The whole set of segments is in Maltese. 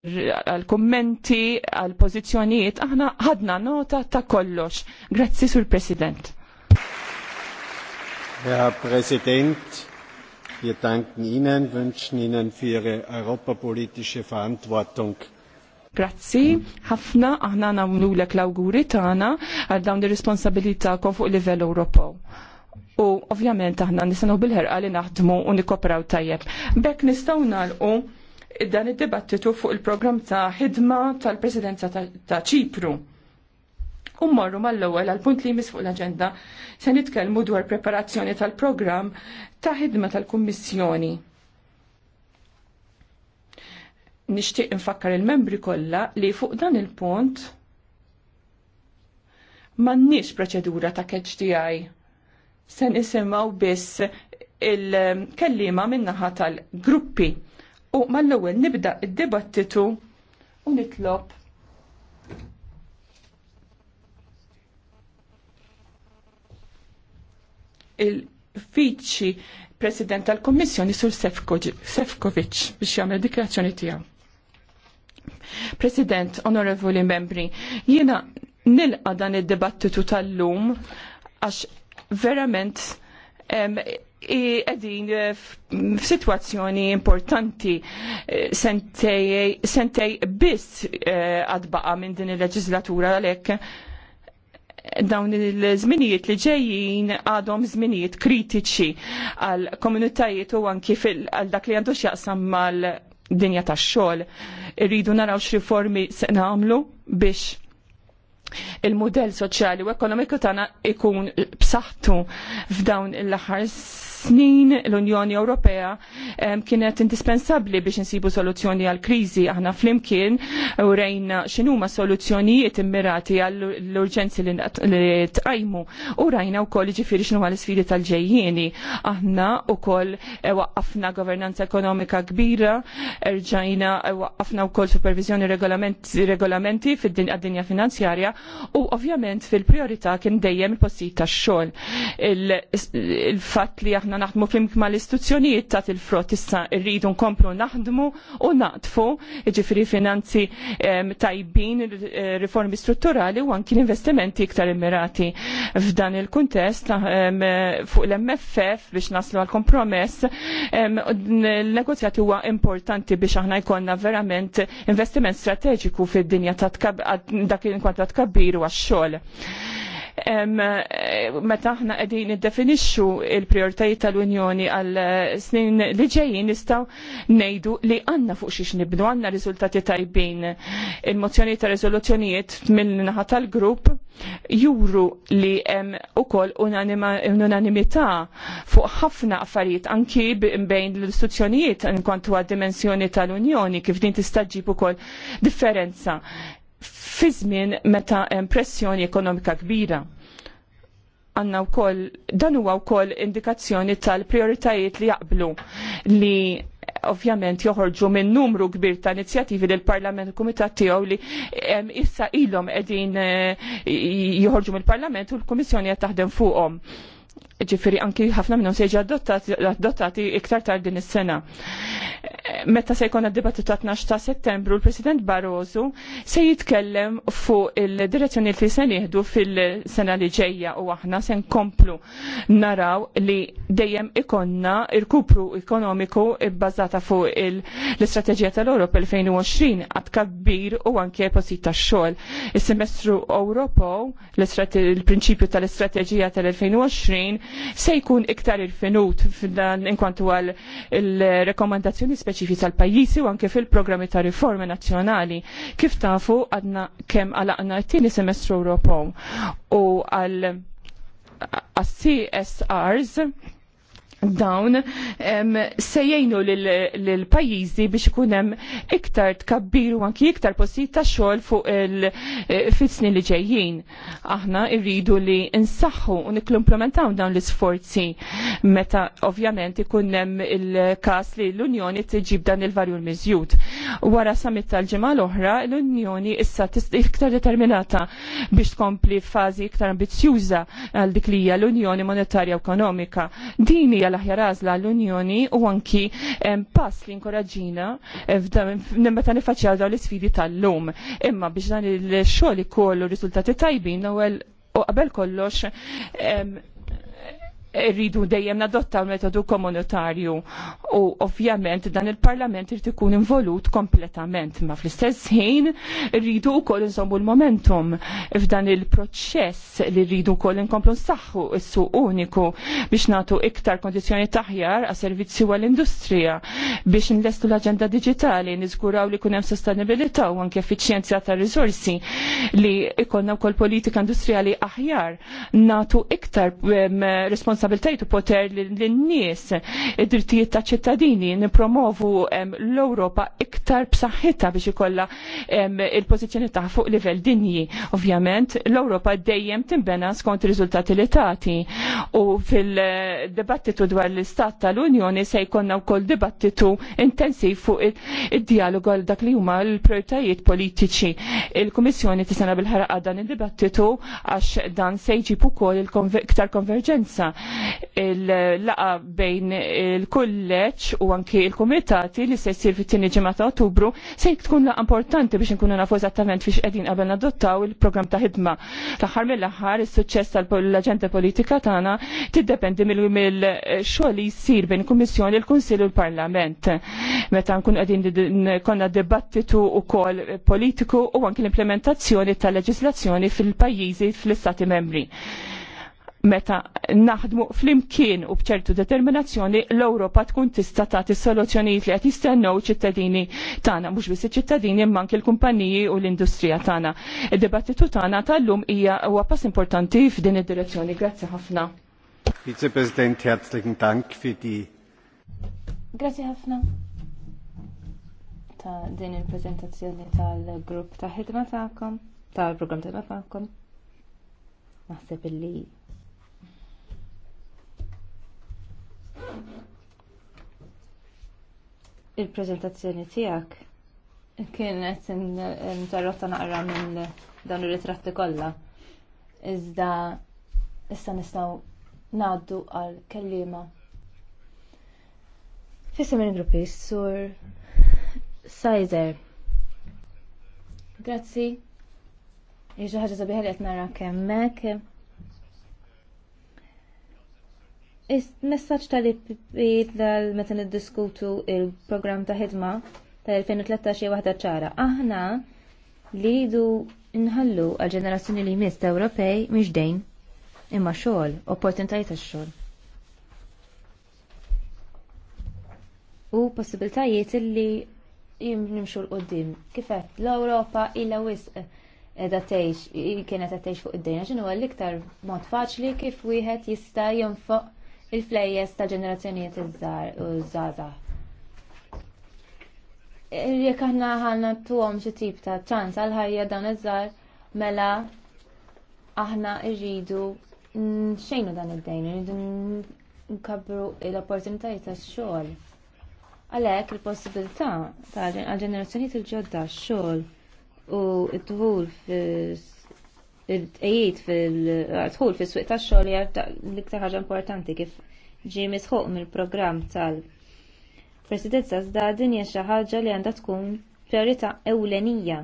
għal kommenti, għal pozizjonijiet, aħna ħadna nota ta' kollox. Grazzi, Sur President. Herr Präsident, wir danken Ihnen, wünschen Ihnen für Ihre europapolitische Verantwortung. Grazzi, ħafna aħna namlulek l awguri tagħna għal dawn ir-responsabilità kon fuq livell Ewropew. U ovvjament aħna nistgħu bil-ħerqa li naħdmu u nikoperaw tajjeb. Bekk nistgħu nagħlqu dan id-dibattitu fuq il-programm ta' ħidma tal-Presidenza ta' Ċipru. U morru mal-ewwel għal punt li jmiss fuq l-aġenda se nitkellmu dwar preparazzjoni tal-programm ta' ħidma tal-Kummissjoni. Nixtieq infakkar il-membri kollha li fuq dan il-punt m'għandniex proċedura ta' catch Se nisimgħu biss il-kellima min-naħa tal-gruppi. U mal-ewwel nibda id-dibattitu u nitlob il-fiċi President tal-Kommissjoni Sur Sefkovic biex jagħmel dikrazzjoni tiegħu. President, onorevoli membri, jiena nilqa dan id-dibattitu tal-lum għax verament qegħdin f'sitwazzjoni importanti eh, sentej biss eh, għadbaqa minn din il-leġislatura għalhekk dawn il-żminijiet li ġejjin għadhom żminijiet kritiċi għal komunitajiet u anki għal dak li għandu x'jaqsam mal dinja tax-xogħol. Irridu naraw x'riformi se nagħmlu biex il-modell soċjali u ekonomiku tagħna ikun b'saħħtu f'dawn l-aħħar snin l-Unjoni Ewropea kienet indispensabli biex insibu soluzzjoni għal kriżi aħna flimkien u rejna x'inhuma soluzzjonijiet immirati għall urġenzi li tqajmu u rajna wkoll ġifiri xinu għal isfidi tal-ġejjieni. Aħna wkoll eh, waqqafna governanza ekonomika kbira, rġajna eh, waqqafna koll supervizjoni regolamenti fid-dinja finanzjarja u ovvjament fil-priorità kien dejjem il-postijiet tax-xogħol. Il-fatt li aħna aħna naħdmu fimk ma l-istituzzjonijiet ta' il-frott issa rridu nkomplu naħdmu u naqtfu ġifiri finanzi tajbin riformi strutturali u anki investimenti iktar immirati f'dan il-kuntest fuq l-MFF biex naslu għal kompromess l-negozjat huwa importanti biex aħna jkollna verament investiment strateġiku fid-dinja ta' dak inkwant ta' tkabbiru għax-xogħol Eh, meta aħna qegħdin iddefinixxu il-prijoritajiet tal-Unjoni għal eh, snin li ġejjin nistgħu ngħidu li għandna fuq xiex nibnu għandna riżultati tajbin. Il-mozzjoni ta' riżoluzzjonijiet mill-naħa tal-grupp juru li hemm ukoll unanimità fuq ħafna affarijiet anki bejn l-istituzzjonijiet inkontu għad-dimensjoni tal-Unjoni kif din tista' ġib ukoll differenza fi żmien meta hemm pressjoni ekonomika kbira. Għanna wkoll dan huwa wkoll indikazzjoni tal-prioritajiet li jaqblu li ovvjament joħorġu minn numru kbir ta' inizjativi del parlament kumitat tiegħu li issa ilhom qegħdin eh, joħorġu mill-Parlament u l-Kummissjoni qed taħdem fuqhom ġifiri anki ħafna minnhom se adottati iktar tard din is-sena. Meta se jkun id-dibattu ta' 12 ta' Settembru, l-President Barroso se jitkellem fuq il-direzzjoni li se nieħdu fil-sena li ġejja u aħna se nkomplu naraw li dejjem ikonna il-kupru ekonomiku bbażata fuq l-istrateġija tal europa 2020 għad kabbir u anke posit ta' xogħol Is-semestru Ewropew, il-prinċipju tal-istrateġija tal-2020 se jkun iktar irfinut f'dan inkwantu għal il-rekomandazzjoni speċifiċi tal-pajjiżi u anke fil-programmi ta' riformi nazzjonali. Kif tafu għadna kemm għalaqna t-tieni semestru Ewropew u għal csrs dawn se jgħinu lill-pajjiżi biex ikun hemm iktar tkabbir u anki iktar postijiet ta' xogħol fuq il e, fitzni li ġejjin. Aħna rridu li nsaħħu u niklumplementaw dawn l-isforzi meta ovvjament ikun hemm il-każ li l-Unjoni tiġib dan il-varjur miżjud. Wara summit tal-ġimgħa l-oħra l-Unjoni issa iktar determinata biex tkompli f'ażi iktar ambizzjuża għal dik li hija l-Unjoni Monetarja Ekonomika. Din hija l-aħjar għażla l-Unjoni u anki pass li nkoraġġina eh, meta nifaċċjaw dawn l-isfidi tal-lum. Imma biex dan il-xogħol ikollu riżultati tajbin u għabel kollox rridu dejjem nadotta metodu komunitarju u ovvjament dan il-parlament irid ikun involut kompletament ma fl-istess ħin rridu wkoll insommu l-momentum f'dan il-proċess li rridu wkoll inkomplu nsaħħu s-suq uniku biex nagħtu iktar kondizzjoni taħjar għas servizzi għall-industrija biex nlestu l-aġenda diġitali niżguraw li kun hemm sostenibilità u anke effiċjenzja ta' riżorsi li ikollna wkoll politika industrijali aħjar nagħtu iktar responsabilità responsabiltajt u poter l-nies id-drittijiet ta' ċittadini nipromovu l-Europa iktar b'saħħitha biex ikolla il-pożizzjoni ta' fuq livell dinji. Ovvjament, l-Europa dejjem timbena skont riżultati li tagħti u fil-dibattitu dwar l-Istat tal-Unjoni se jkollna wkoll dibattitu intensiv fuq id-dialogu għal dak li huma l-prioritajiet politiċi. Il-Kummissjoni tisena bil-ħarqa dan id-dibattitu għax dan se jġib ukoll iktar konverġenza il-laqa bejn il-kulleċ u anki il-komitati li se jsir fit-tieni ġimgħa ta' Ottubru se tkun laqa importanti biex inkunu nafu eżattament fiex qegħdin qabel nadottaw il-programm ta' ħidma. L-aħħar mill-aħħar is-suċċess tal-aġenda politika tagħna tiddependi mill-xogħol li jsir bejn il-Kummissjoni, il-Kunsill u l-Parlament. Meta nkun qegħdin konna dibattitu wkoll politiku u anki l-implementazzjoni tal-leġislazzjoni fil-pajjiżi fl-Istati membri meta naħdmu flimkien u bċertu determinazzjoni l-Ewropa tkun tista' tagħti soluzzjonijiet li qed jistennew ċittadini tagħna mhux biss iċ-ċittadini imma anke l-kumpaniji u l-industrija tagħna. Id-dibattitu tagħna tal-lum hija huwa pass importanti f'din id-direzzjoni. Grazzi ħafna. Vice-President, herzlichen Dank für die Grazzi ħafna ta' din il-prezentazzjoni tal-grupp ta' ħidma tagħkom, tal-programm ta' tagħkom. Naħseb illi il-prezentazzjoni tijak kienet interrotta naqra minn dawn ir-ritratti kollha. Iżda issa nistgħu ngħaddu għal kelliema. Fissim il-gruppi sur Sajzer. Grazzi. Jiġu ħaġa sabiħa nara kemmek. Messaġġ tal-IPP tal-meta niddiskutu il-programm ta' ħidma tal-2013 hija waħda ċara. Aħna li jridu nħallu għal ġenerazzjoni li jmiss ta' Ewropej mhix dejn imma xogħol, opportunitajiet tax-xogħol. U possibiltajiet li nimxu l-qoddim. Kifet, l-Ewropa illa wisq edha tgħix kienet qed tgħix fuq id-dejna x'inhu l-iktar mod faċli kif wieħed jista' jonfoq il-flejjes ta' ġenerazzjonijiet iż-żar u żaza. Jekk aħna ħalna tuhom xi tip ta' ċans għal ħajja dan iż-żar mela aħna rridu xejnu dan id-dejn, rridu nkabbru l-opportunitajiet tax-xogħol. Għalhekk il-possibilità għal ġenerazzjonijiet il-ġodda x-xogħol u t-tħul fis id dejjiet fil-dħul fis-suq tax-xogħol hija l-iktar ħaġa importanti kif ġie misħuq mill-programm tal-Presidenza żda din hija xi ħaġa li għandha tkun priorità ewlenija.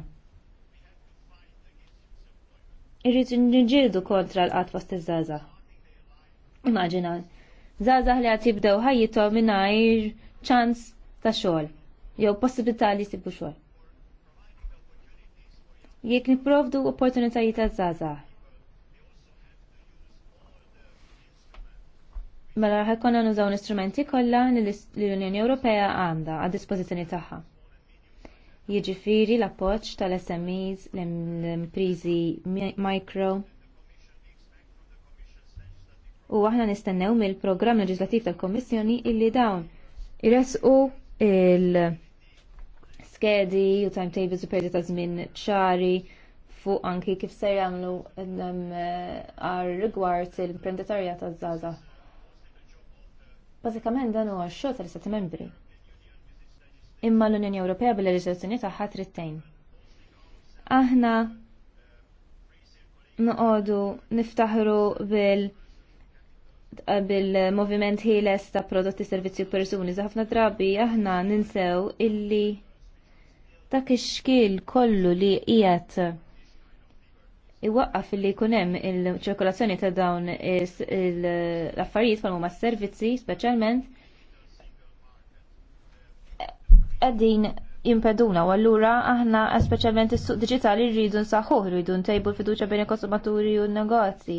Irrid niġġieldu kontra l-qatt fost iż-żgħażagħ. Immaġina, żgħażagħ li qed jibdew ħajjithom mingħajr ċans ta' xogħol jew possibilità li jsibu xogħol jekk niprovdu opportunitajiet għaż-żgħażagħ. Mela ħekonna nużaw l kollha li l-Unjoni Ewropea għandha għad dispożizzjoni tagħha. Jiġifieri l-appoġġ tal-SMEs, l-imprizi micro. U aħna nistennew mill-programm leġislattiv tal-Kommissjoni illi dawn iresqu il-, -il skedi u timetables u perdi ta' żmien ċari fuq anki kif se jagħmlu għar um, rigward il-imprenditorja taż-żgħażagħ. Bażikament dan huwa x-xogħol tal-Istati Membri. Imma l-Unjoni Ewropea bil-leġiżlazzjoni tagħha trittejn. Aħna noqogħdu niftaħru bil- bil-moviment ħieles ta' prodotti servizzi u persuni, zaħfna drabi aħna ninsew illi dak ix-xkil kollu li qiegħed iwaqqaf li jkun hemm il-ċirkolazzjoni ta' dawn l-affarijiet bħal huma s-servizzi speċjalment qegħdin jimpeduna u allura aħna speċjalment is-suq diġitali rridu nsaħħuh, rridu ntejbu l-fiduċja bejn il-konsumaturi u n-negozji.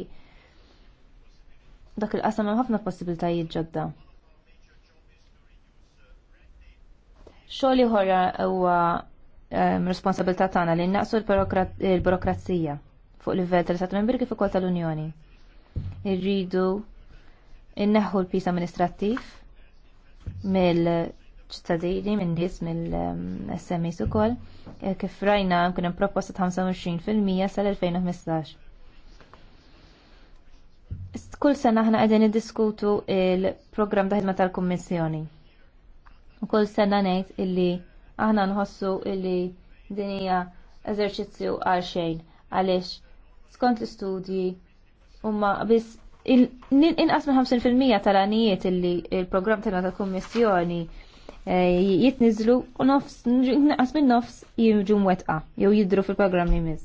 Dak il-qasam hemm ħafna possibiltajiet ġodda. Xogħol ieħor huwa responsabilità tagħna li naqsu l-burokrazija fuq livell tal-Istat Membri kif ukoll tal-Unjoni. Irridu inneħħu l-pis amministrattiv mill-ċittadini, minn nies mill-SMEs ukoll, e, kif rajna kien hemm proposta ta' 25% sal-2015. Kull sena aħna qegħdin iddiskutu il-programm ta' ħidma tal-Kummissjoni. U kull sena ngħid illi aħna nħossu illi din hija eżerċizzju għal xejn għaliex skont l-istudji huma biss inqas minn 50% tal-għanijiet illi il-programm tagħna ta' kummissjoni eh, jitniżlu u nofs inqas minn nofs jiġu mwettqa jew jidru fil-programm li miz.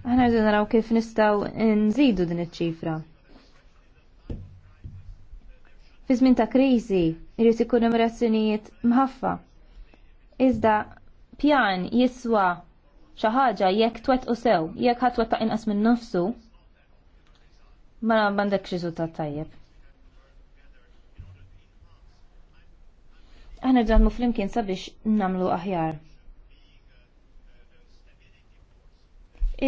Aħna rridu naraw kif nistgħu nżidu din iċ-ċifra. Fi żmien ta' kriżi irid ikun hemm razzjonijiet mħaffa. Iżda pjan jiswa xi ħaġa jekk twettqu sew, jekk ħadd twettaq inqas minn nofsu, ma m'għandek riżultat tajjeb. Aħna ġadmu flimkien sabiex namlu aħjar.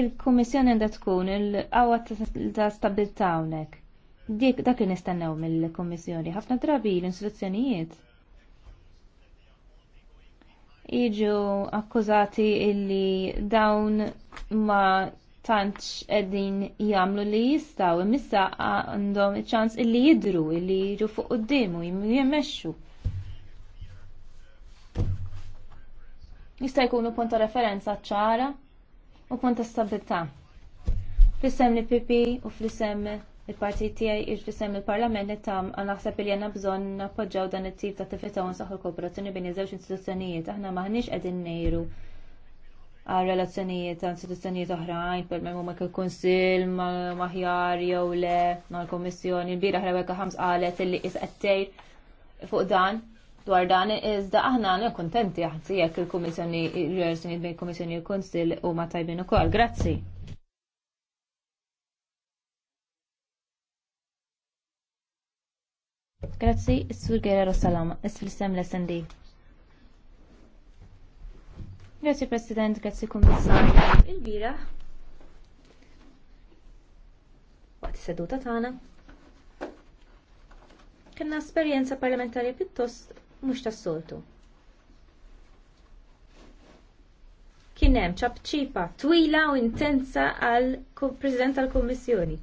il kummissjoni għandha tkun il-qawwa ta' stabilità hawnhekk dik dak li nistennew mill-Kommissjoni. Ħafna drabi l-istituzzjonijiet jiġu akkużati illi dawn ma tantx qegħdin jagħmlu li jistgħu imissa għandhom iċ-ċans illi jidru illi jiġu fuq qudiemu jimmexxu. Jista' jkunu punta ta' referenza ċara u punta ta' stabilità. Fl-isem u fl-isem il-partit tiegħi sem il-Parlament nittam naħseb li għandna bżonn nappoġġaw dan it-tip ta' attività u nsaħħu l-kooperazzjoni bejn iż-żewġ istituzzjonijiet. Aħna maħniex qegħdin ngħidu għal relazzjonijiet ta' istituzzjonijiet oħrajn, per memm ma' il kunsill ma'ħjar jew le, ma' l-Kommissjoni, l-bira ħrewek ħams qalet illi isqattejr fuq dan dwar dan iżda aħna għana kontenti ħazzi jekk il kummissjoni il-Relazzjonijiet bejn il-Kommissjoni u l-Kunsil u ma' tajbin ukoll. Grazzi. Grazzi, Sur Guerrero Salam, is-fil-sem l-SND. Grazzi President, grazzi Kummissarju. Il-bira. Għati seduta tagħna. Kenna esperjenza parlamentari pjuttost mhux tas-soltu. Kien hemm ċabċipa twila u intensa għal President tal-Kummissjoni.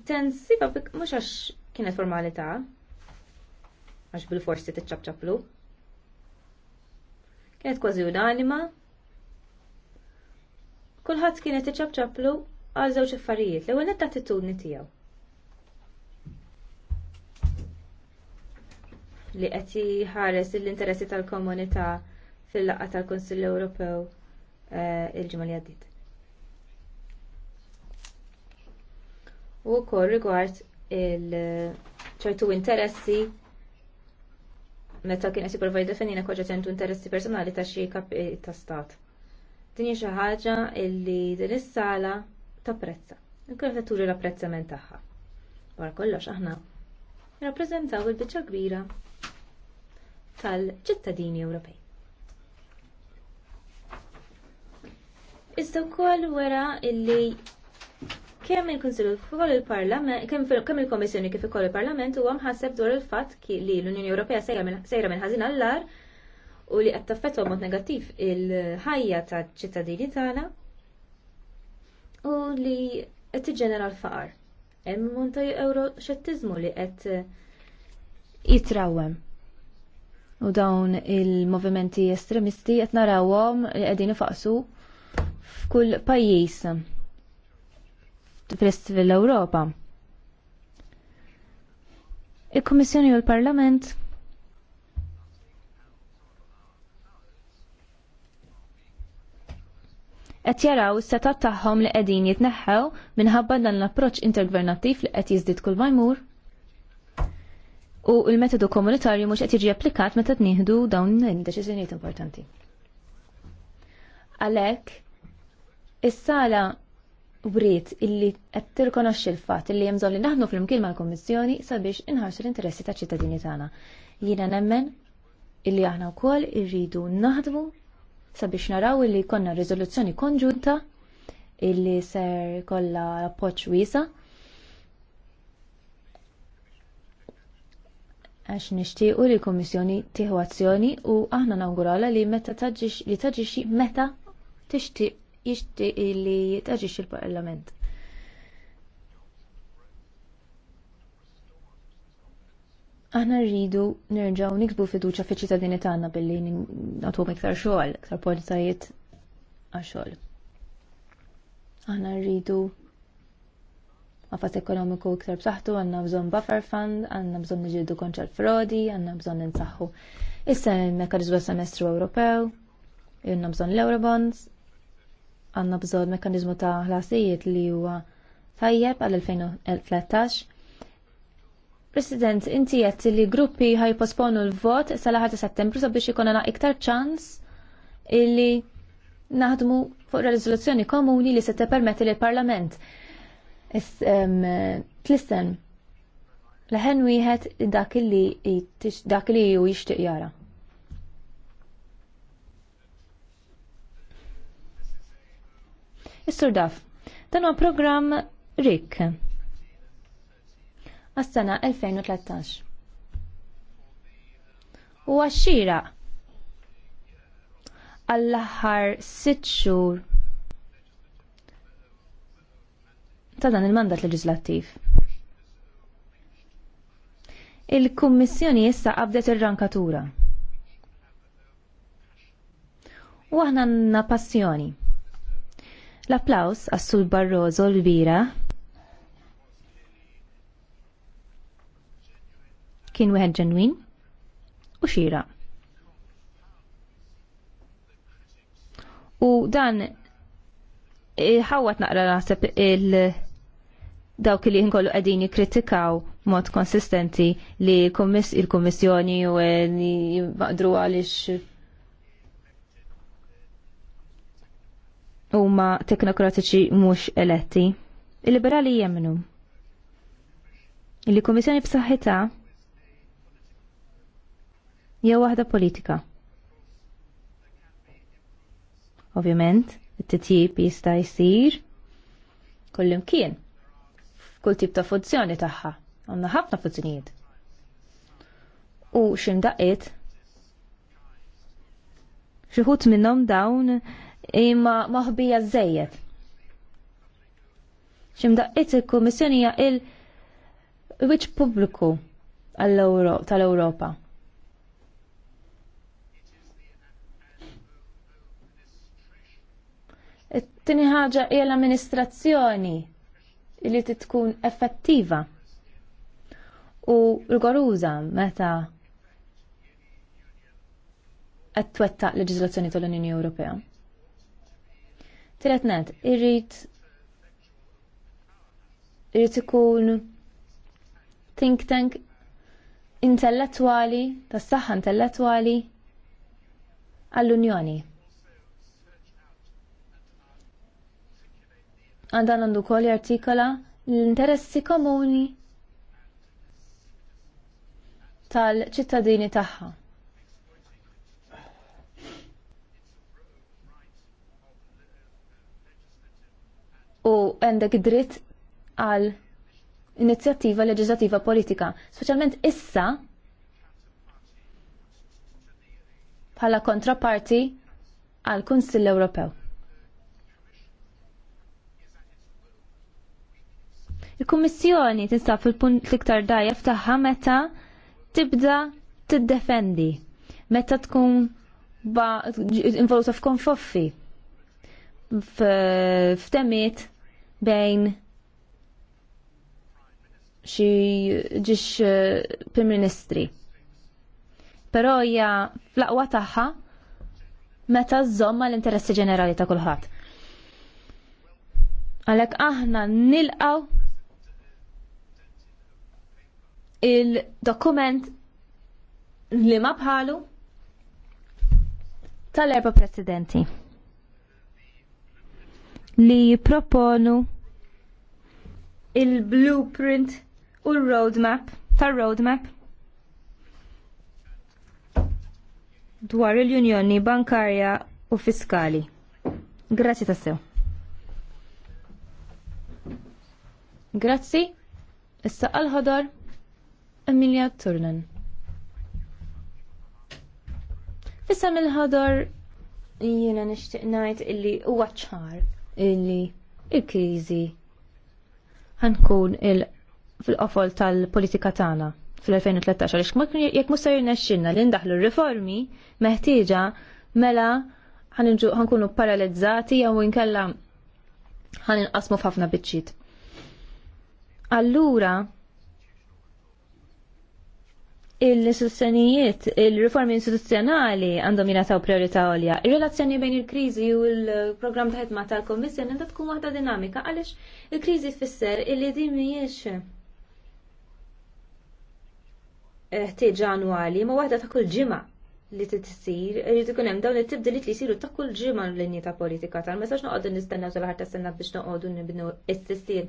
Intensiva mhux għax kienet formalità għax bil-forsi tiċċabċablu. Kienet kważi unanima. Kulħadd kienet iċċabċablu għal żewġ affarijiet l-ewwel netta attitudni tiegħu. Li qed jħares l-interessi tal-komunità fil-laqgħa tal-Kunsill Ewropew eh, il-ġimgħa li għaddiet. U wkoll rigward ċertu interessi meta kien qed jipprovaj definina koġa ċertu interessi personali ta' xi kap eh, ta' stat. Din hija xi ħaġa li din is-sala tapprezza. Inkun turi l-apprezzament tagħha. Wara kollox aħna jirrappreżentaw il-biċċa kbira tal-ċittadini Ewropej. Iżda wkoll wara illi Kemm il-Kunsilu fuq il-Parlament, kemm il-Kommissjoni kif ukoll il-Parlament huwa mħasseb dwar il-fatt li l-Unjoni Ewropea sejra minn ħażin għall għar u li qed taffettwa mod negattiv il-ħajja taċ-ċittadini tagħna u li qed tiġġenera l-faqar. Hemm monta euro li qed jitrawem. U dawn il-movimenti estremisti qed narawhom li qegħdin ifaqsu f'kull pajjiż prest l-Europa. Il-Kommissjoni u l-Parlament qed jaraw is-setat tagħhom li qegħdin jitneħħew minħabba dan l-approċċ intergvernattiv li qed jiżdied kull ma u l-metodu komunitarju mhux qed jiġi applikat meta tnieħdu dawn id-deċiżjonijiet importanti. Għalhekk is-sala wriet illi qed tirkonoxxi l-fatt illi hemm bżonn li naħdmu flimkien mal-Kummissjoni sabiex inħarsu l-interessi taċ-ċittadini tagħna. Jiena nemmen illi aħna wkoll irridu naħdmu sabiex naraw illi konna riżoluzzjoni konġunta illi ser kollha appoġġ wiesa' għax nixtiequ li l-Kummissjoni tieħu azzjoni u aħna nawgurala li meta taġġix li taġġixxi meta tixtieq jixtieq li taġix il-Parlament. Aħna rridu nerġgħu niksbu fiduċa fi ċittadini tagħna billi nagħtuhom iktar xogħol, iktar polizajiet għax-xogħol. Aħna rridu għafas ekonomiku iktar b'saħħtu, għandna bżonn buffer fund, għandna bżonn niġidu konċa l-frodi, għandna bżonn ninsaħħu. Issa il mekkaniżmu semestru Ewropew, għandna bżonn l-Eurobonds, għanna bżod mekanizmu ta' ħlasijiet li huwa tajjeb għal 2013. President, inti jett li gruppi ħajposponu l-vot sal-1 ta' settembru sabiex ikonena iktar ċans illi naħdmu fuq rezoluzzjoni komuni li se permetti li l-Parlament. Tlisten, leħen wieħed dak li dak li ju jixtieq jara. Is-Sur Daf. Dan huwa programm RIK. Għas-sena 2013. U għaxxira għall-aħħar sitt xhur ta' dan il-mandat leġislattiv. Il-Kummissjoni issa qabdet ir-rankatura. U aħna għandna passjoni. L-applaus għas-Sur Barroso l-bira kien wieħed ġenwin u xira. U dan e, ħawat naqra naħseb il- dawk li jinkollu qegħdin jikkritikaw mod konsistenti li il-Kummissjoni u maqdru e, għaliex huma teknokratiċi mhux eletti. Il-liberali jemnu. Il-Kummissjoni b'saħħitha jew waħda politika. Ovvjament, it-titjib jista' jsir kullimkien f'kull tip ta' funzjoni tagħha. Għandna ħafna funzjonijiet. U x'imdaqqiet xi ħut minnhom dawn imma maħbija żejjed. Ximdaqqit il-Kummissjoni hija il-wiċ pubbliku tal-Ewropa. Tini ħaġa hija l-amministrazzjoni li tkun effettiva u rigoruża meta qed twettaq leġiżlazzjoni tal-Unjoni Ewropea. Tretnet, irrit irrit ikun think tank intellettwali, tas saħħa intellettwali għall-Unjoni. Għandan għandu kol artikola l-interessi komuni tal-ċittadini tagħha. u għandek dritt għal inizjattiva leġislativa politika, speċjalment issa bħala kontraparti għal Kunsill Ewropew. Il-Kummissjoni tinsab fil-punt l-iktar dajja tagħha meta tibda tiddefendi, meta tkun involuta f'konfoffi f'temiet bejn xi ġiex eh, Prim Ministri. Però hija fl-aqwa tagħha meta żomma l-interessi ġenerali ta' kulħadd. Għalhekk aħna nilqaw il-dokument li ma bħalu tal-erba presidenti li proponu il-blueprint u l-roadmap tar-roadmap dwar il-Unjoni Bankarja u Fiskali. Grazzi tassew. Grazzi. Issa għal-ħodor Emilia Turnen. Issa mill ħodar jiena nixtieq ngħid illi huwa ċar illi il-kriżi ħankun il- fil-qofol tal-politika tagħna fil-2013 għaliex jekk mussar jirnexxinna li ndaħlu riformi meħtieġa mela ħankunu paralizzati jew inkella ħaninqasmu f'ħafna biċċiet. Allura il sostenijiet il-riformi istituzzjonali għandhom jinataw priorità għolja. Il-relazzjoni bejn il-krizi u l-programm ta' ħedma tal-Kommissjoni għandha tkun waħda dinamika għaliex il-krizi tfisser illi din mhijiex eh, ħtieġ annwali ma waħda ta' kull ġimgħa li titsir, irid ikun hemm dawn it-tibdiliet li jsiru ta' kull ġimgħa l-linji ta' politika tal messaġ noqogħdu nistennew sal ħar tas-sena biex noqogħdu nibnu t sistien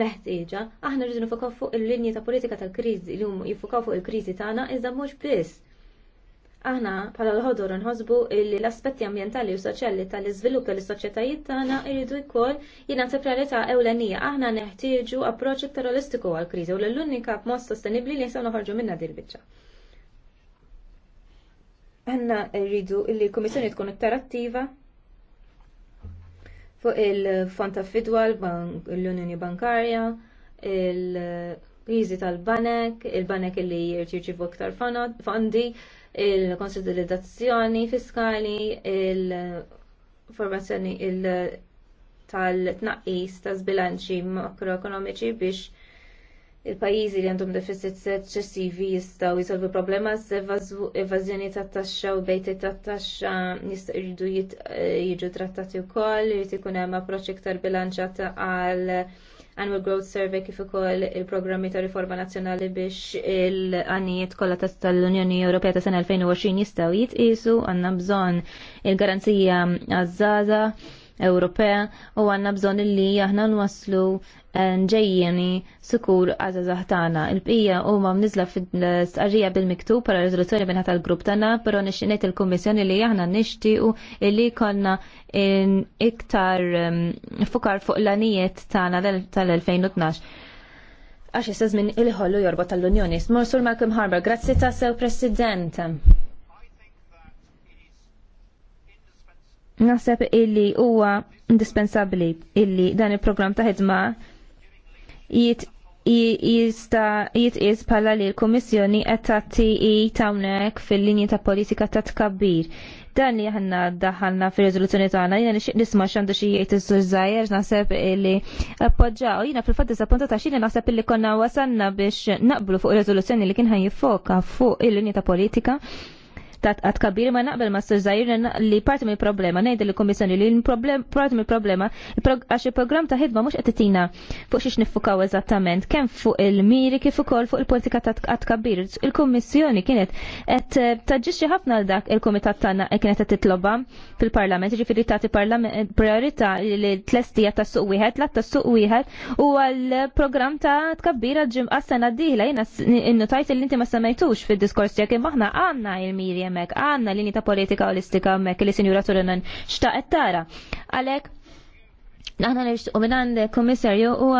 meħtieġa, aħna rridu nifokaw fuq il-linji ta' politika tal-kriżi li hum jiffokaw fuq il-kriżi tagħna iżda mhux biss. Aħna bħala l-ħodur nħosbu li l-aspetti ambjentali u soċjali tal-iżvilupp tal-soċjetajiet tagħna jridu jkoll se priorità ewlenija. Aħna neħtieġu approċċ terroristiku għall-kriżi u l-unika b'mod sostenibbli li jistgħu noħorġu minnha din biċċa għanna rridu li l-Komissjoni tkun iktar attiva fuq il-fond ta' fidwa, l-Unjoni Bankarja, il-kriżi tal-banek, il-banek li jirċivu aktar fondi, il-konsolidazzjoni fiskali, il-formazzjoni il tal-tnaqqis ta' zbilanċi makroekonomiċi biex il-pajjiżi li għandhom deficit eċċessivi jistgħu jisolvu problema evażjoni tat taxxa u bejti tat taxxa jridu eh, jiġu trattati wkoll, jrid ikun hemm approċċ iktar bilanċat għal Annual Growth Survey kif ukoll il-programmi ta' riforma nazzjonali biex il-għanijiet kollha tal-Unjoni Ewropea ta' sena 2020 jistgħu jitqisu għandna bżonn il-garanzija għaż żgħażagħ Ewropea u għanna bżon li aħna nwaslu eh, ġejjeni sukur għazza zaħtana. Il-bqija u ma mnizla fil-sqarrija bil-miktub para rezoluzzjoni minn tal l-grupp tana, pero nixtinet il-kommissjoni li aħna u illi konna iktar ehm, fukar fuq l-anijiet tana tal-2012 għax jistaz minn il-ħollu jorbot tal-Unjoni. Morsur Malcolm Harbour, grazzi ta' sew President. Naħseb illi huwa indispensabbli illi dan il-programm ta' ħidma jista jitqis bħala li l-Kummissjoni qed tagħti tawnek fil-linji ta' politika ta' tkabbir. Dan li aħna daħalna fir-riżoluzzjoni tagħna jiena nixtieq nisma' x'għandu xi jgħid iż-żur żgħir naħseb illi appoġġaw jiena fil-fatt disappunta ta' xina naħseb illi konna wasanna biex naqblu fuq ir-riżoluzzjoni li kien ħajjifoka fuq il-linji ta' politika ta' kabir ma naqbel ma' Sir li parti mill problema ngħid li kommissjoni li parti mill problema għax il-programm ta' ħidma mhux qed titina fuq xiex nifukaw eżattament kemm fuq il-miri kif ukoll fuq il-politika ta' kabir. Il-Kummissjoni kienet qed taġġixxi ħafna għal dak il-Kumitat tagħna kienet qed titloba fil-Parlament, jiġifieri tagħti priorità li tlestija ta' suq wieħed, lat ta' suq wieħed u għall-programm ta' tkabbira ġimqa sena d jiena innotajt li inti ma semmejtux fid-diskors tiegħek imma aħna għandna il-miri mek għanna linji ta' politika olistika mek li sinjura Turunen xtaqet tara. Għalek, naħna li u minn għand komissarju u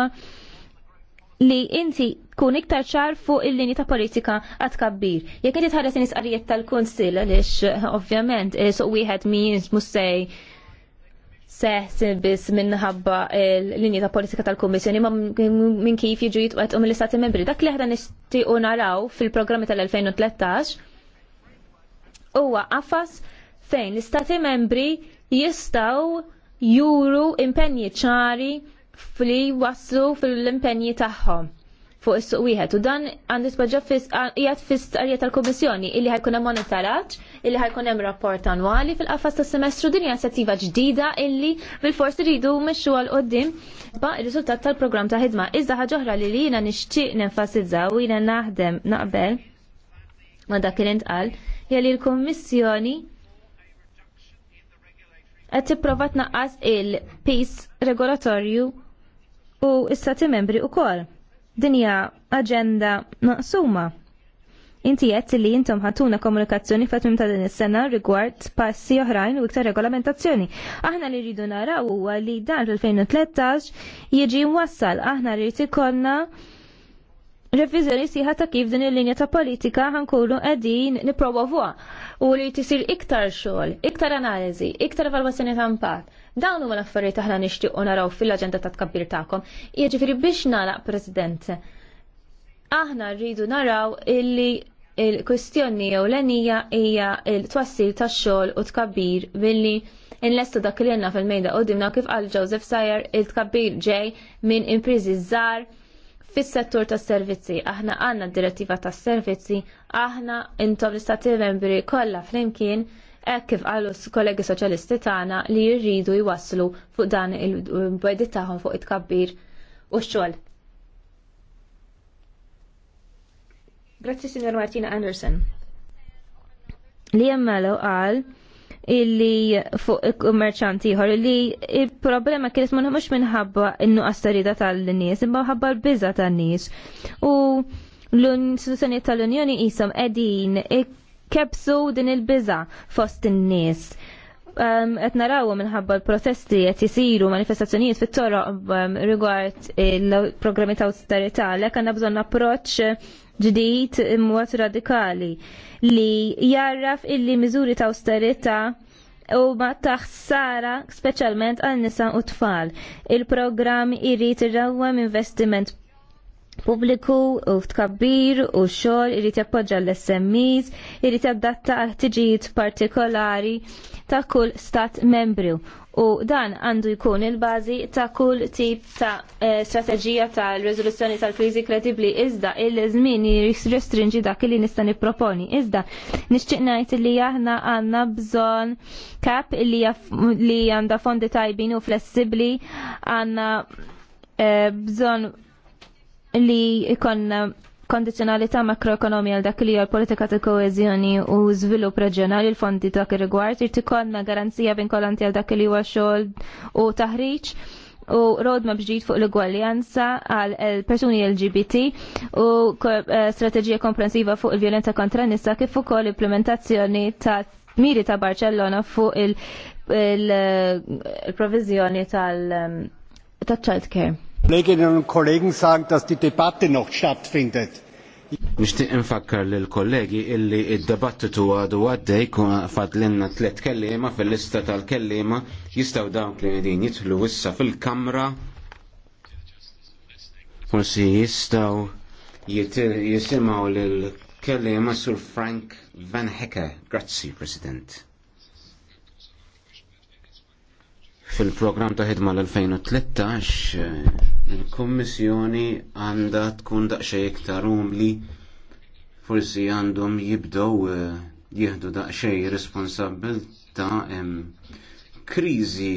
li inti kun iktar ċar fuq il-linji ta' politika għat kabbir. Jek inti tħares nisqarijiet tal konsil għalix, ovvjament, eh, suq wieħed minn mussej seħsin bis minħabba l-linja ta' politika tal komissjoni ma' minn kif jiġu jitqet u mill-Istati Membri. Dak li ħda nishtiqu naraw fil-programmi tal-2013 huwa qafas fejn l-istati membri jistgħu juru impenji ċari fli waslu fil-impenji tagħhom fuq is-suq wieħed u dan għandu tbaġġa qiegħed fis stqarrija tal-Kummissjoni illi ħajkun hemm monitoraġġ, illi ħajkun hemm rapport annwali fil-qafas tas-semestru din inizjattiva ġdida illi bil-forsi rridu mexxu għal qudiem ba' ir-riżultat tal-programm ta' ħidma. Iżda ħaġa oħra li jiena nixtieq nenfasizza u jiena naħdem naqbel ma' dak li intqal jeli l-Kommissjoni qed tipprova tnaqqas il peace regolatorju u istati membri wkoll. Dinja aġenda naqsuma. Inti qed li intom ħatuna komunikazzjoni fatum ta' din is-sena rigward passi oħrajn u iktar regolamentazzjoni. Aħna li rridu naraw huwa li dan fil-2013 jiġi mwassal. Aħna rrid ikollna revizjoni siħa ta' kif din il-linja ta' politika ħankunu qegħdin nipprovovuha u li tisir iktar xogħol, iktar analiżi, iktar evalwazzjoni ta' impatt. Dawn huma l-affarijiet aħna nixtiequ naraw fil-aġenda ta' tkabbir tagħkom. Jiġifieri biex nagħlaq President. Aħna rridu naraw illi il-kwistjoni enija hija il-twassil tax-xogħol u tkabbir billi Inlestu dak li fil-mejda dimna kif qal Joseph Sayer il-tkabbir ġej minn imprizi żgħar fis-settur tas-servizzi, aħna għandna d-direttiva tas-servizzi, aħna intom l-istati membri kollha flimkien hekk kif qalu s kollegi soċjalisti tagħna li jridu jwasslu fuq dan il bwedit tagħhom fuq it-kabbir u x-xogħol. Grazzi Signor Martina Anderson. Liam Mello qal illi fuq kummerċanti ħor li il-problema kienet ma mhux minħabba in-nuqqas tal-nies imma ħabba l-biża tan-nies. U l-istituzzjonijiet tal-Unjoni qishom qegħdin kebsu din il-biża fost in-nies um, qed naraw minħabba l-protesti qed isiru manifestazzjonijiet fit-toroq um, rigward il-programmi ta' austerità, lek għandna bżonn approċċ ġdijt imwat radikali li jarraf illi miżuri ta' austerita u ma taħsara speċjalment għal nisa u tfal. Il-programm irrit irrawwam investiment pubbliku u tkabbir u xogħol irid jappoġġa l-SMEs, irid jaddatta ħtiġijiet partikolari ta' kull stat membru. U dan għandu jkun il-bażi ta' kull tip ta' eh, strateġija ta' reżoluzzjoni tal-kriżi kredibbli iżda il-żmien jirrestringi dak li nista' nipproponi. Iżda nixtieq ngħid li aħna għandna bżonn kap li għandha fondi tajbin u flessibbli għandna eh, bżonn li ikonna kondizjonalità makroekonomija għal dak li għal politika ta' koezjoni u żvilupp reġjonali l-fondi ta' rigward irti konna garanzija vinkolanti għal dak li huwa xogħol u taħriġ u roadmap ġdid fuq l-gwaljanza għal persuni LGBT u eh, strategija komprensiva fuq il-violenza kontra nisa kif ukoll implementazzjoni ta' miri ta' Barcellona fuq il-provizjoni tal-child eh, care. Kolleginnen und Kollegen sagen, dass die Debatte noch stattfindet. Nishtiq infakkar lil kollegi illi id dibattitu għadu għaddej fadlinna tlet kellima fil-lista tal-kellima jistaw dawn li din jitlu issa fil-kamra forsi jistaw jisimaw lil kellima sur Frank Van Hecke. Grazzi, President. Fil-program ta' ħidma l-2013 Il-Kommissjoni għandha tkun daqsxejn iktar umli forsi għandhom jibdow eh, jieħdu daqsxejn hemm kriżi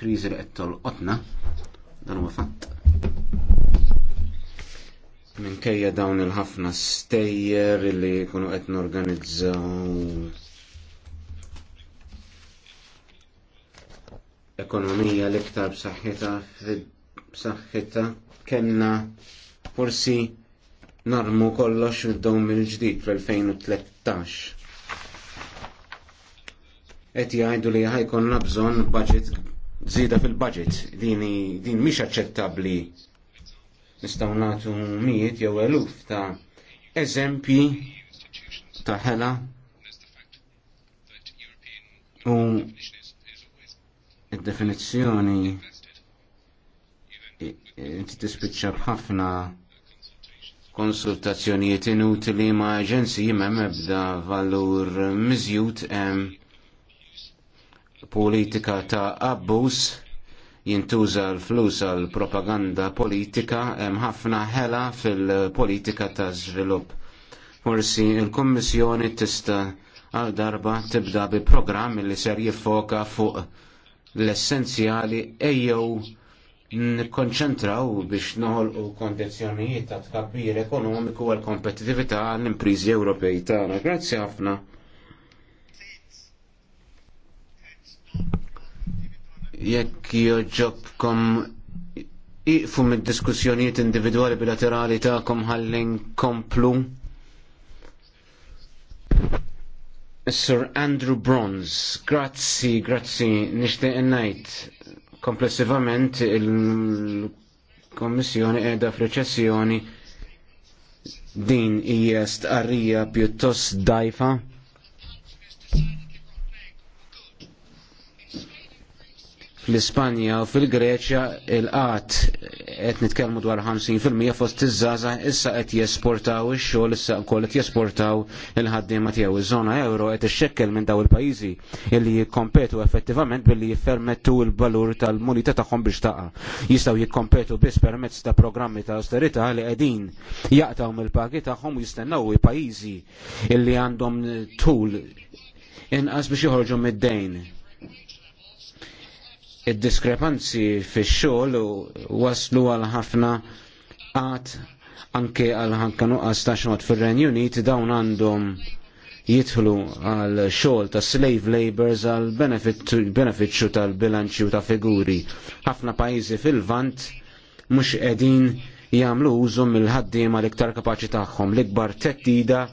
kriżi li qed tolqotna dan huwa fatt. Minkejja dawn il-ħafna stejjer li jkunu qed norganizzaw ekonomija l-iktar b'saħħitha fid b'saħħitha kellna forsi narmu kollox id-dom il-ġdid fl-2013. Qed jgħidu li ħajkonna bżonn budget żieda fil-budget din din mhix aċċettabbli nistgħu nagħtu mijiet jew eluf ta' eżempji ta' ħela u id-definizzjoni inti tispiċċa bħafna konsultazzjonijiet inutili ma' aġenziji ma' mebda valur miżjud politika ta' abbus jintuża l-flus għal propaganda politika hemm ħafna ħela fil-politika ta' żvilupp. Forsi l-Kummissjoni tista' għal darba tibda bi programm li ser jiffoka fuq l-essenzjali ejjew nikkonċentraw biex noħolqu kondizzjonijiet ta' tkabbir ekonomiku għal kompetitività għall impriżi Ewropej tagħna. Grazzi ħafna. Jekk joġobkom iqfu mid-diskussjonijiet individwali bilaterali tagħkom ħallin komplu. Sir Andrew Bronze, grazzi, grazzi, nishtiq ngħid Komplessivament il-Kommissjoni qiegħda f'reċessjoni din hija stqarrija pjuttost dajfa fl-Ispanja u fil-Greċja il-qat qed nitkellmu dwar 50% fost iż żaża issa qed jesportaw ix-xogħol issa wkoll qed jesportaw il-ħaddiema tiegħu. Iż-żona euro qed ixxekkel minn daw il-pajjiżi illi jikkompetu effettivament billi jiffermettu l-valur tal-munita tagħhom biex taqa'. Jistgħu jikkompetu biss permezz ta' programmi ta' austerità li qegħdin jaqtaw mill-pagi tagħhom u jistennew pajjiżi illi għandhom tul inqas biex joħorġu mid-dejn id-diskrepanzi fix-xogħol waslu għal ħafna qatt anke għal ħanka nuqqas ta' xogħod fir-Renju Unit dawn għandhom jidħlu għal xogħol ta' slave labours għal benefiċċju tal bilanċju ta' figuri. Ħafna pajjiżi fil-vant mhux qegħdin jagħmlu użu mill-ħaddiema l-iktar kapaċi tagħhom. L-ikbar tettida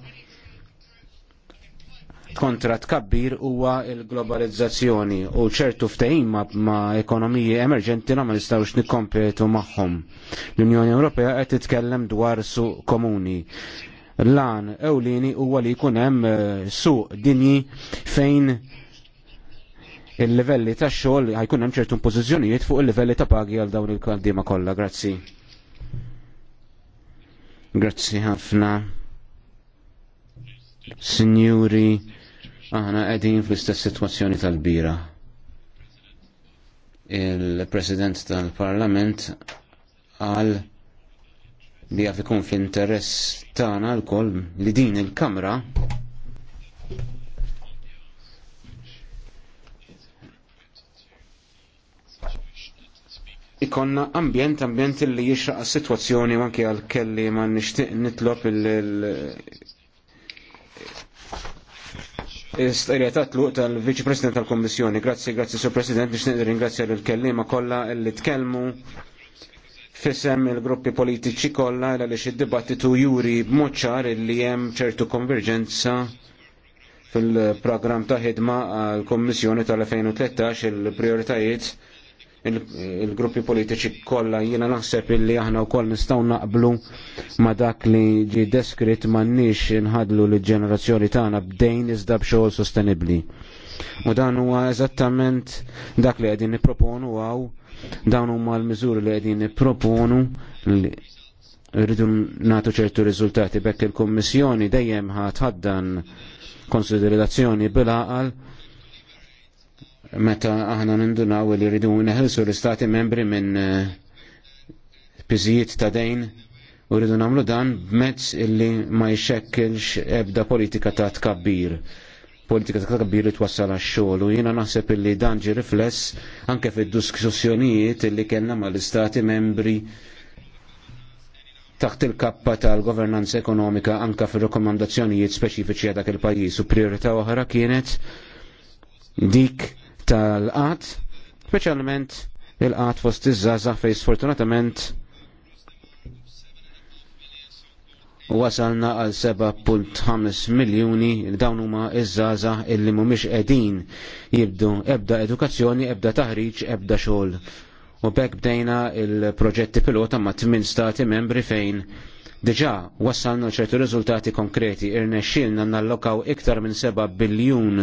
kontra tkabbir huwa il-globalizzazzjoni u ċertu ftehim ma, ma ekonomiji emerġenti ma nistawx nikkompetu magħhom. L-Unjoni Ewropea qed titkellem dwar suq komuni. Lan ewlieni huwa li jkun hemm eh, suq dinji fejn il-livelli ta' xogħol ħajkun hemm ċertu pożizzjonijiet fuq il-livelli ta' pagi għal dawn il kaldima kollha. Grazzi. Grazzi ħafna. Signori Aħna qegħdin fl-istess sitwazzjoni tal-bira. Il-President tal-Parlament għal li għaf ikun fl-interess tagħna l li din il-Kamra ikonna ambjent, ambjent li jixraq situazzjoni għanki għal kelli ma nixtieq nitlob istarja tatluq tal-Viċi President tal-Kommissjoni. Grazzi, grazzi, Sur President, biex nidri ringrazzja l-kellima kolla li tkellmu fissem il-gruppi politiċi kolla l għaliex id-dibattitu juri b'moċċar li hemm ċertu konverġenza fil-programm ta' ħidma għall kommissjoni tal-2013 il-prioritajiet il-gruppi politiċi kollha jiena naħseb illi aħna wkoll nistgħu naqblu ma dak li ġi ma m'għandniex inħadlu li ġenerazzjoni tagħna bdejn iżda b'xogħol sostenibbli. U dan huwa eżattament dak li qegħdin nipproponu għaw dawn huma l-miżuri li qegħdin nipproponu li rridu nagħtu ċertu riżultati bekk il-Kummissjoni dejjem ħaddan konsiderazzjoni bil-aqal meta aħna nindunaw li rridu neħilsu l-istati membri minn eh, piżijiet ta' dejn u rridu nagħmlu dan b'mezz illi ma jxekkilx ebda politika ta' tkabbir. Politika ta' tkabbir li twassal għax-xogħol u jiena naħseb illi dan ġi rifless anke fid-diskussjonijiet illi kellna mal-istati membri taħt il-kappa tal-governanza ekonomika anka fir-rekomandazzjonijiet speċifiċi għadak il-pajjiż u priorità oħra kienet dik tal-qat, speċjalment il-qat fost iż-żazax fejn sfortunatament wasalna għal 7.5 miljuni dawn huma iż-żaza illi mhumiex qegħdin jibdu ebda edukazzjoni, ebda taħriġ, ebda xogħol. U bekk bdejna il-proġetti pilota ma' tmien stati membri fejn Deġa wassalna ċertu riżultati konkreti irnexxielna nallokaw iktar minn 7 biljun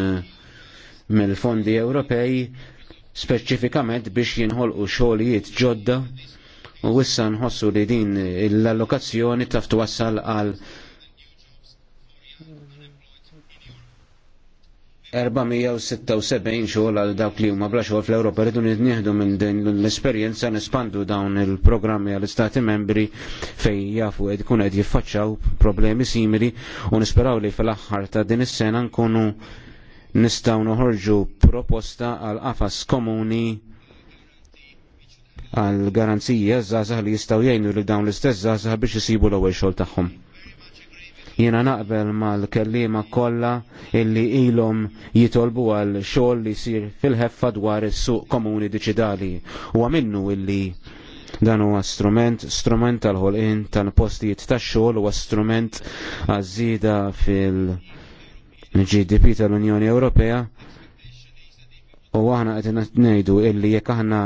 mill-fondi Ewropej speċifikament biex jinħolqu xogħlijiet ġodda u issa nħossu li din l-allokazzjoni taf twassal għal 476 xogħol għal dawk li huma bla xogħol fl-Ewropa rridu nieħdu minn din l-esperjenza nespandu dawn il-programmi għall istati membri fejn jafu qed ikun qed jiffaċċaw problemi simili u nisperaw li fl-aħħar ta' din is-sena nkunu nistaw noħorġu proposta għal qafas komuni għal garanzija zazah li jistaw jgħinu li dawn l-istess zazah biex jisibu l-ewwel xogħol tagħhom. Jiena naqbel mal-kellima kollha illi ilhom jitolbu għal xogħol li jsir fil-ħeffa dwar is-suq komuni diċidali u għaminnu illi dan huwa strument, strument tal-ħolqien tal-postijiet tax-xogħol huwa strument għażida fil- il-GDP tal-Unjoni Ewropea u aħna qed ngħidu illi jekk aħna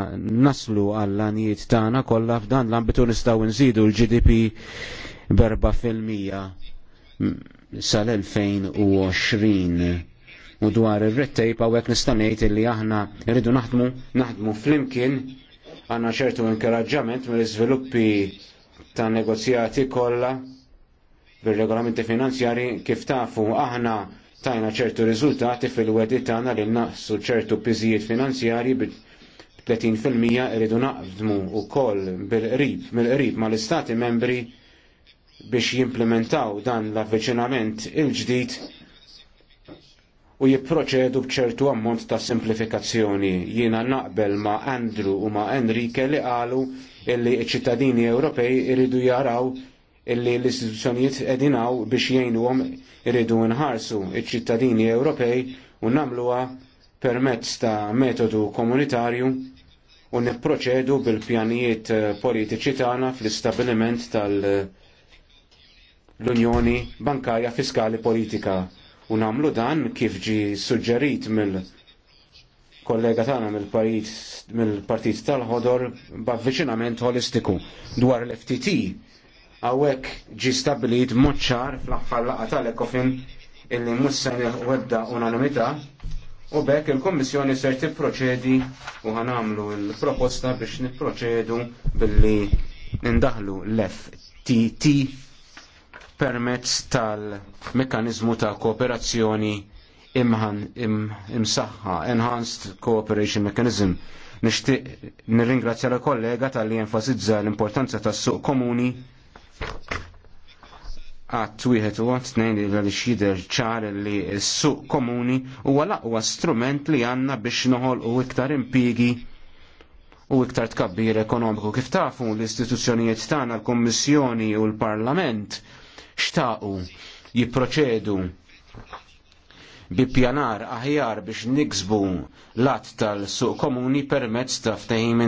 naslu għall anijiet tagħna kollha f'dan l-ambitu nistgħu nżidu l-GDP berba' fil-mija sal-2020 u dwar ir-red tape hawnhekk nista' ngħid illi aħna rridu naħdmu naħdmu flimkien għandna ċertu inkoraġġament mill-iżviluppi ta' negozjati kollha bir-regolamenti finanzjari kif tafu aħna tajna ċertu riżultati fil-wedi tagħna li naqsu ċertu piżijiet finanzjarji bi 30% irridu naqdmu wkoll bil-qrib mill-qrib mal-istati membri biex jimplementaw dan l-avviċinament il-ġdid u jipproċedu bċertu ammont ta' simplifikazzjoni. Jiena naqbel ma' Andrew u ma' Enrique li qalu illi ċittadini Ewropej iridu jaraw illi l-istituzzjonijiet edinaw biex jgħinuhom irridu nħarsu il ċittadini Ewropej u nagħmluha permezz ta' metodu komunitarju u nipproċedu bil-pjanijiet eh, politiċi tagħna fl-istabiliment tal-Unjoni Bankarja Fiskali Politika u namlu dan kif ġi suġġerit mill kollega tagħna mill-partit mil tal-ħodor b'avviċinament holistiku dwar l-FTT għawek ġi stabilit moċċar fl laqa tal-ekofin illi mussan wedda unanimità u bekk il-Kommissjoni ser tipproċedi u għanamlu il-proposta biex nipproċedu billi indaħlu l-FTT permezz tal mekanizmu ta' kooperazzjoni imħan imsaħħa Enhanced Cooperation Mechanism. Nixtieq nirringrazzja l-kollega tal-li enfasizza l-importanza tas-suq komuni għat wieħed u għat li għalix jider ċar li s-suq komuni huwa l-aqwa strument li għanna biex noħol u iktar impigi u iktar tkabbir ekonomiku. Kif tafu l-istituzzjonijiet tagħna l-Kommissjoni u l-Parlament xtaqu jipproċedu bi pjanar aħjar biex niksbu lat tal-suq komuni permezz ta' ftehim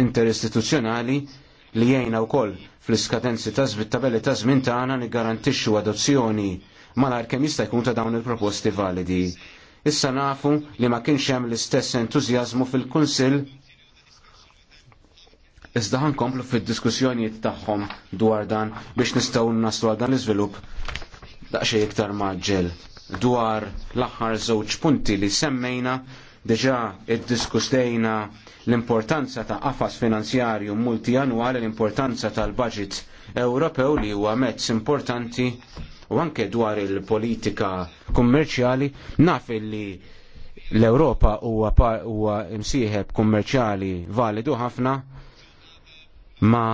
interistituzzjonali inter li jgħina koll fl-iskadenzi ta' tabelli ta' żmien tagħna niggarantixxu adozzjoni malar kemm jista' jkun ta' dawn il-proposti validi. Issa nafu li ma kienx hemm l-istess entużjażmu fil-Kunsill Iżda ħankomplu fid-diskussjonijiet tagħhom dwar dan biex nistgħu naslu għal dan l-iżvilupp daqsxejn iktar maġġel dwar l-aħħar żewġ punti li semmejna Deġa id-diskustejna l-importanza ta' qafas finanzjarju multijanwali l-importanza tal-budget Ewropew li huwa mezz importanti u anke dwar il-politika kummerċjali naf li l-Ewropa huwa msieħeb kummerċjali validu ħafna ma'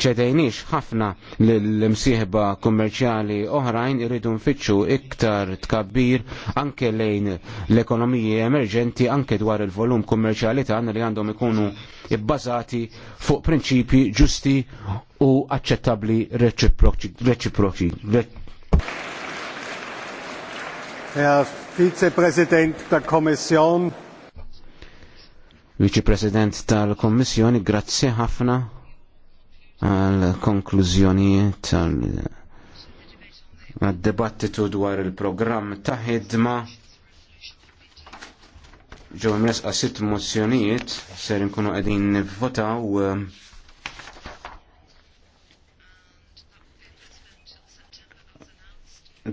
ċedejniex ħafna l-msieħba kummerċjali oħrajn irridu nfittxu iktar tkabbir anke lejn l-ekonomiji emerġenti anke dwar il-volum kummerċjali tagħna li għandhom ikunu ibbażati fuq prinċipi ġusti u aċċettabbli reċiproċi. Herr Vizepräsident der Kommission. Viċi President tal-Kommissjoni, grazzi ħafna għal konklużjonijiet tal dibattitu dwar il-programm ta' ħidma ġew imresqa sitt mozzjonijiet ser inkunu qegħdin nivvotaw eh,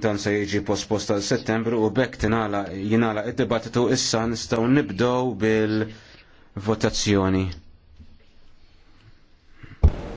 dan se jiġi postposta għal settembru u bekk tingħala jingħalaq id-dibattitu issa nistgħu nibdew bil-votazzjoni.